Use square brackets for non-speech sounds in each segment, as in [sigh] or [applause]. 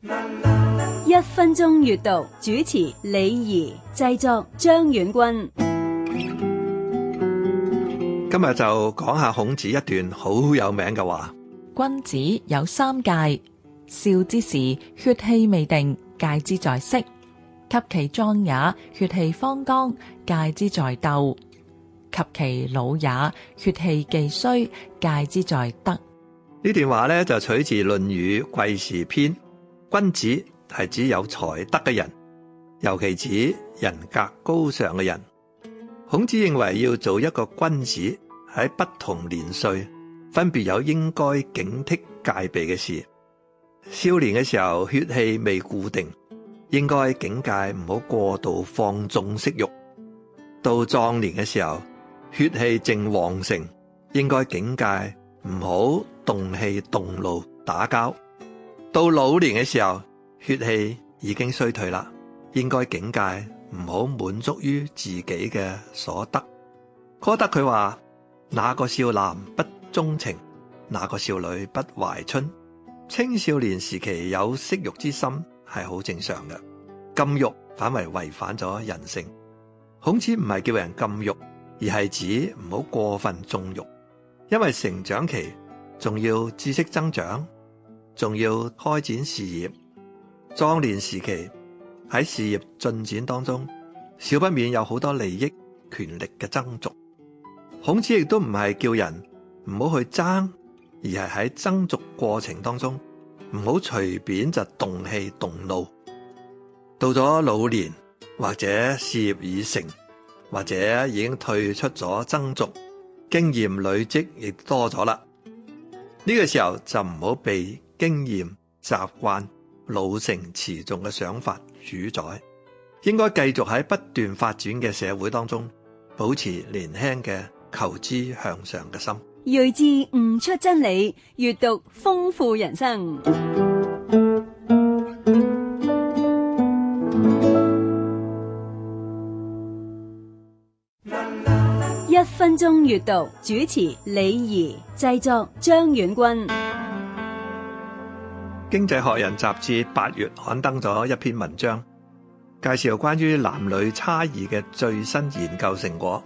[music] 一分鐘閱讀，主持李怡，製作張遠君。今日就講下孔子一段好有名嘅話：君子有三戒，少之時血氣未定，戒之在色；及其壯也，血氣方剛，戒之在鬥；及其老也，血氣既衰，戒之在得。呢段話呢，就取自《論語·季氏篇》。君子係指有才德嘅人，尤其指人格高尚嘅人。孔子認為要做一個君子，喺不同年歲分別有應該警惕戒備嘅事。少年嘅時候，血氣未固定，應該警戒唔好過度放縱色欲；到壯年嘅時候，血氣正旺盛，應該警戒唔好動氣動怒打交。到老年嘅時候，血氣已經衰退啦，應該警戒唔好滿足於自己嘅所得。歌德佢話：哪、那個少男不鍾情，哪、那個少女不懷春。青少年時期有色欲之心係好正常嘅，禁欲反為違反咗人性。孔子唔係叫人禁欲，而係指唔好過分縱欲，因為成長期仲要知識增長。仲要開展事業，壯年時期喺事業進展當中，少不免有好多利益、權力嘅爭逐。孔子亦都唔係叫人唔好去爭，而係喺爭逐過程當中，唔好隨便就動氣、動怒。到咗老年或者事業已成，或者已經退出咗爭逐，經驗累積亦多咗啦。呢個時候就唔好被經驗、習慣、老成持重嘅想法主宰，應該繼續喺不斷發展嘅社會當中，保持年輕嘅求知向上嘅心。睿智悟出真理，閱讀豐富人生。一分鐘閱讀主持李怡，製作張遠軍。經濟學人雜誌八月刊登咗一篇文章，介紹關於男女差異嘅最新研究成果。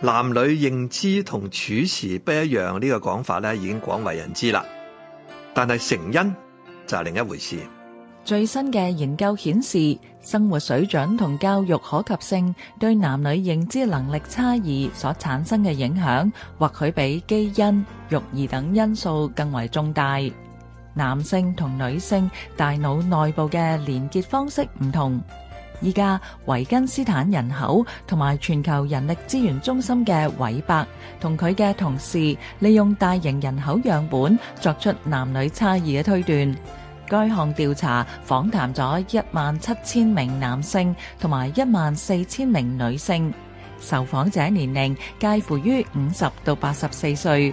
男女認知同處事不一樣呢個講法咧，已經廣為人知啦。但係成因就係另一回事。最新嘅研究顯示，生活水準同教育可及性對男女認知能力差異所產生嘅影響，或許比基因、育兒等因素更為重大。男性同女性大腦內部嘅連結方式唔同。而家維根斯坦人口同埋全球人力資源中心嘅韋伯同佢嘅同事利用大型人口樣本作出男女差異嘅推斷。該項調查訪談咗一萬七千名男性同埋一萬四千名女性，受訪者年齡介乎於五十到八十四歲。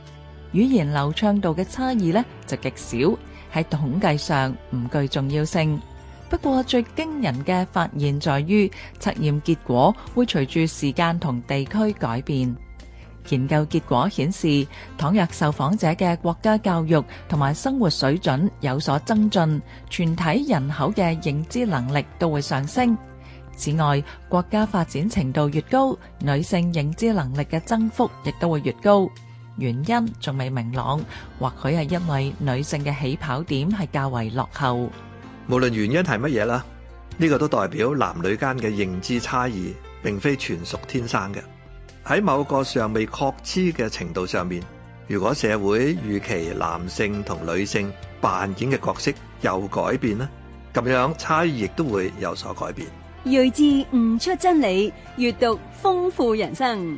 語言流暢度的差異呢，就極少，喺統計上唔具重要性。不過，最驚人的發現在於，測驗結果會隨住時間同地區改變。研究結果顯示，倘若受訪者的國家教育同埋生活水準有所增進，全體人口的認知能力都會上升。此外，國家發展程度越高，女性認知能力的增幅亦都會越高。原因仲未明朗，或許係因為女性嘅起跑點係較為落後。無論原因係乜嘢啦，呢個都代表男女間嘅認知差異，並非全屬天生嘅。喺某個尚未確知嘅程度上面，如果社會預期男性同女性扮演嘅角色有改變呢，咁樣差異亦都會有所改變。睿智悟出真理，閱讀豐富人生。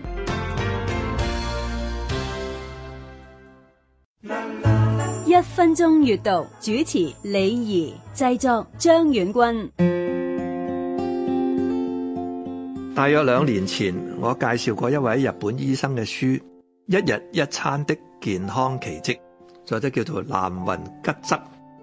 一分鐘閱讀主持李怡，製作張遠君。大約兩年前，我介紹過一位日本醫生嘅書《一日一餐的健康奇跡》，作者叫做南雲吉則。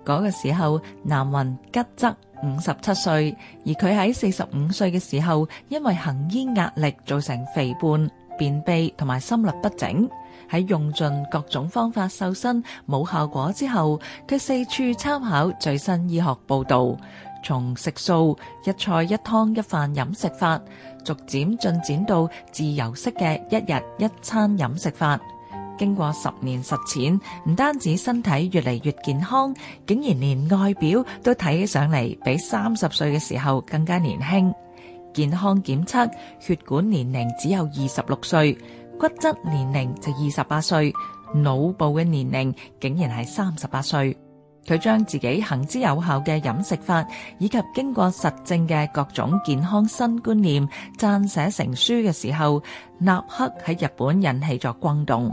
嗰個時候，南雲吉則五十七歲，而佢喺四十五歲嘅時候，因為行醫壓力造成肥胖、便秘同埋心律不整。喺用盡各種方法瘦身冇效果之後，佢四處參考最新醫學報道，從食素、一菜一湯一飯飲食法，逐漸進展到自由式嘅一日一餐飲食法。經過十年實踐，唔單止身體越嚟越健康，竟然連外表都睇起上嚟比三十歲嘅時候更加年輕。健康檢測，血管年齡只有二十六歲。骨質年齡就二十八歲，腦部嘅年齡竟然係三十八歲。佢將自己行之有效嘅飲食法，以及經過實證嘅各種健康新觀念，撰寫成書嘅時候，立刻喺日本引起咗轟動。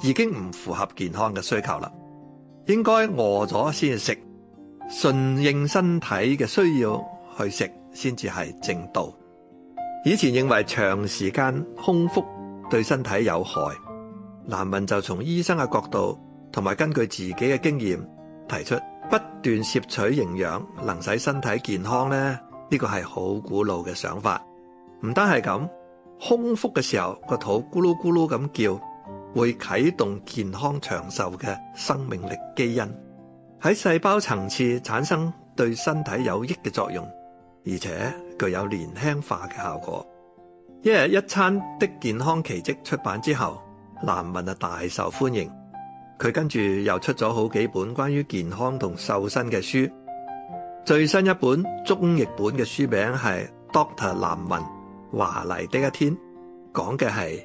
已經唔符合健康嘅需求啦，應該餓咗先食，順應身體嘅需要去食先至係正道。以前認為長時間空腹對身體有害，南雲就從醫生嘅角度同埋根據自己嘅經驗提出，不斷攝取營養能使身體健康呢，呢、呢個係好古老嘅想法。唔單係咁，空腹嘅時候個肚咕嚕咕嚕咁叫。會啟動健康長壽嘅生命力基因，喺細胞層次產生對身體有益嘅作用，而且具有年輕化嘅效果。一、yeah, 日一餐的健康奇蹟出版之後，南雲啊大受歡迎，佢跟住又出咗好幾本關於健康同瘦身嘅書，最新一本中譯本嘅書名係《Doctor 南雲華麗的一天》，講嘅係。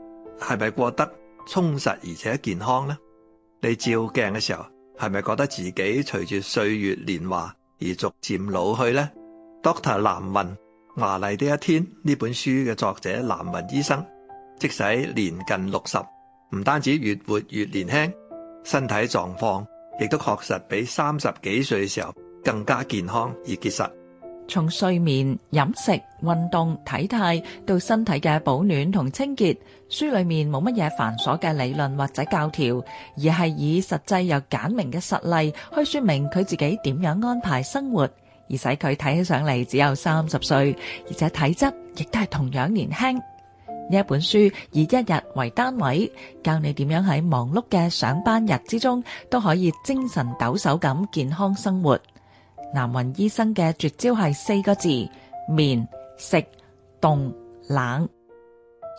係咪過得充實而且健康呢？你照鏡嘅時候，係咪覺得自己隨住歲月年華而逐漸老去呢？Doctor 藍雲《華麗的一天》呢本書嘅作者藍雲醫生，即使年近六十，唔單止越活越年輕，身體狀況亦都確實比三十幾歲嘅時候更加健康而結實。從睡眠、飲食、運動、體態到身體嘅保暖同清潔，書裏面冇乜嘢繁瑣嘅理論或者教條，而係以實際又簡明嘅實例去說明佢自己點樣安排生活，而使佢睇起上嚟只有三十歲，而且體質亦都係同樣年輕。呢一本書以一日為單位，教你點樣喺忙碌嘅上班日之中都可以精神抖擻咁健康生活。南雲醫生嘅絕招係四個字：眠食凍冷。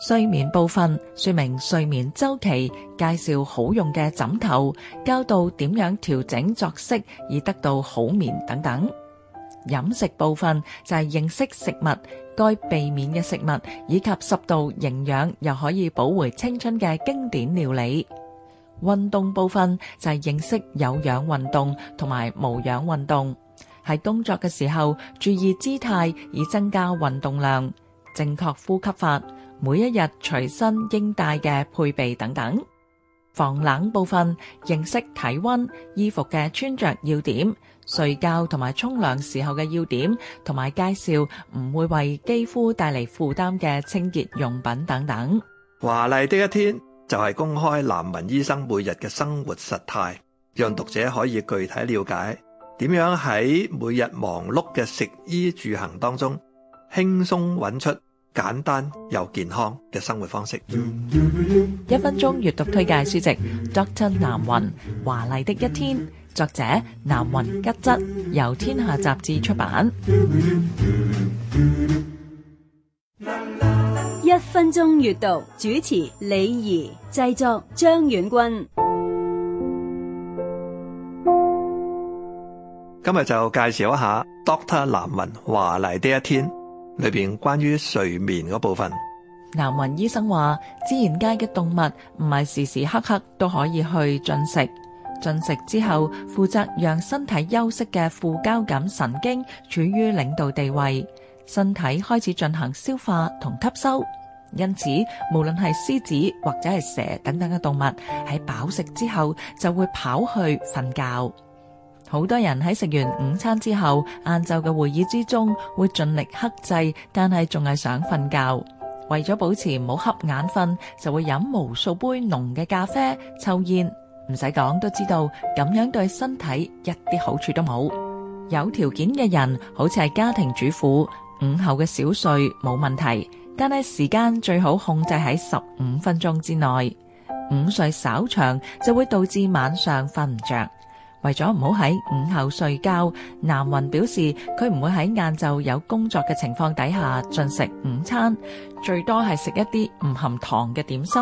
睡眠部分說明睡眠週期，介紹好用嘅枕頭，教到點樣調整作息以得到好眠等等。飲食部分就係、是、認識食物該避免嘅食物，以及十道、營養又可以保回青春嘅經典料理。運動部分就係、是、認識有氧運動同埋無氧運動。喺工作嘅時候，注意姿態以增加運動量，正確呼吸法，每一日隨身應帶嘅配備等等。防冷部分，認識體溫，衣服嘅穿着要點，睡覺同埋沖涼時候嘅要點，同埋介紹唔會為肌膚帶嚟負擔嘅清潔用品等等。華麗的一天就係、是、公開南文醫生每日嘅生活實態，讓讀者可以具體了解。點樣喺每日忙碌嘅食衣住行當中輕鬆揾出簡單又健康嘅生活方式？一分鐘閱讀推介書籍《Dr. 南雲華麗的一天》，作者南雲吉則，由天下雜誌出版。一分鐘閱讀主持李儀，製作張遠軍。今日就介紹一下 Doctor 南雲華麗的一天裏邊關於睡眠嗰部分。南雲醫生話：自然界嘅動物唔係時時刻刻都可以去進食，進食之後負責讓身體休息嘅副交感神經處於領導地位，身體開始進行消化同吸收。因此，無論係獅子或者係蛇等等嘅動物，喺飽食之後就會跑去瞓覺。好多人喺食完午餐之後，晏晝嘅會議之中會盡力克制，但係仲係想瞓覺。為咗保持唔好瞌眼瞓，就會飲無數杯濃嘅咖啡、抽煙。唔使講都知道，咁樣對身體一啲好處都冇。有條件嘅人，好似係家庭主婦，午後嘅小睡冇問題，但係時間最好控制喺十五分鐘之內。午睡稍長就會導致晚上瞓唔着。為咗唔好喺午後睡覺，南雲表示，佢唔會喺晏晝有工作嘅情況底下進食午餐，最多係食一啲唔含糖嘅點心。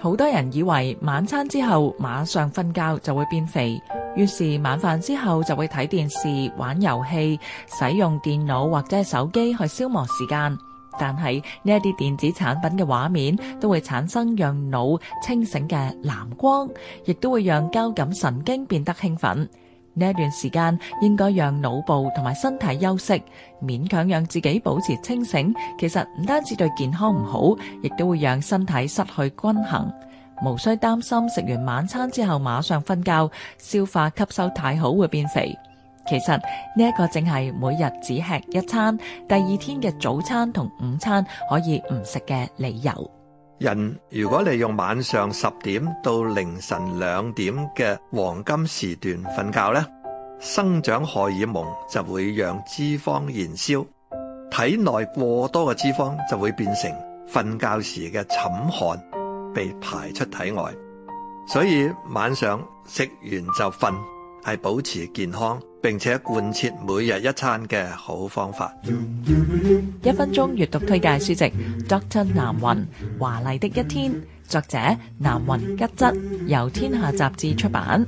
好多人以為晚餐之後馬上瞓覺就會變肥，於是晚飯之後就會睇電視、玩遊戲、使用電腦或者手機去消磨時間。但係呢一啲電子產品嘅畫面都會產生讓腦清醒嘅藍光，亦都會讓交感神經變得興奮。呢一段時間應該讓腦部同埋身體休息，勉強讓自己保持清醒，其實唔單止對健康唔好，亦都會讓身體失去均衡。無需擔心食完晚餐之後馬上瞓覺，消化吸收太好會變肥。其實呢一個正係每日只吃一餐，第二天嘅早餐同午餐可以唔食嘅理由。人如果利用晚上十點到凌晨兩點嘅黃金時段瞓覺咧，生長荷爾蒙就會讓脂肪燃燒，體內過多嘅脂肪就會變成瞓覺時嘅寢汗被排出體外。所以晚上食完就瞓，係保持健康，並且貫徹每日一餐嘅好方法。一分鐘閱讀推介書籍《Dr. 南雲華麗的一天》，作者南雲吉則，由天下雜誌出版。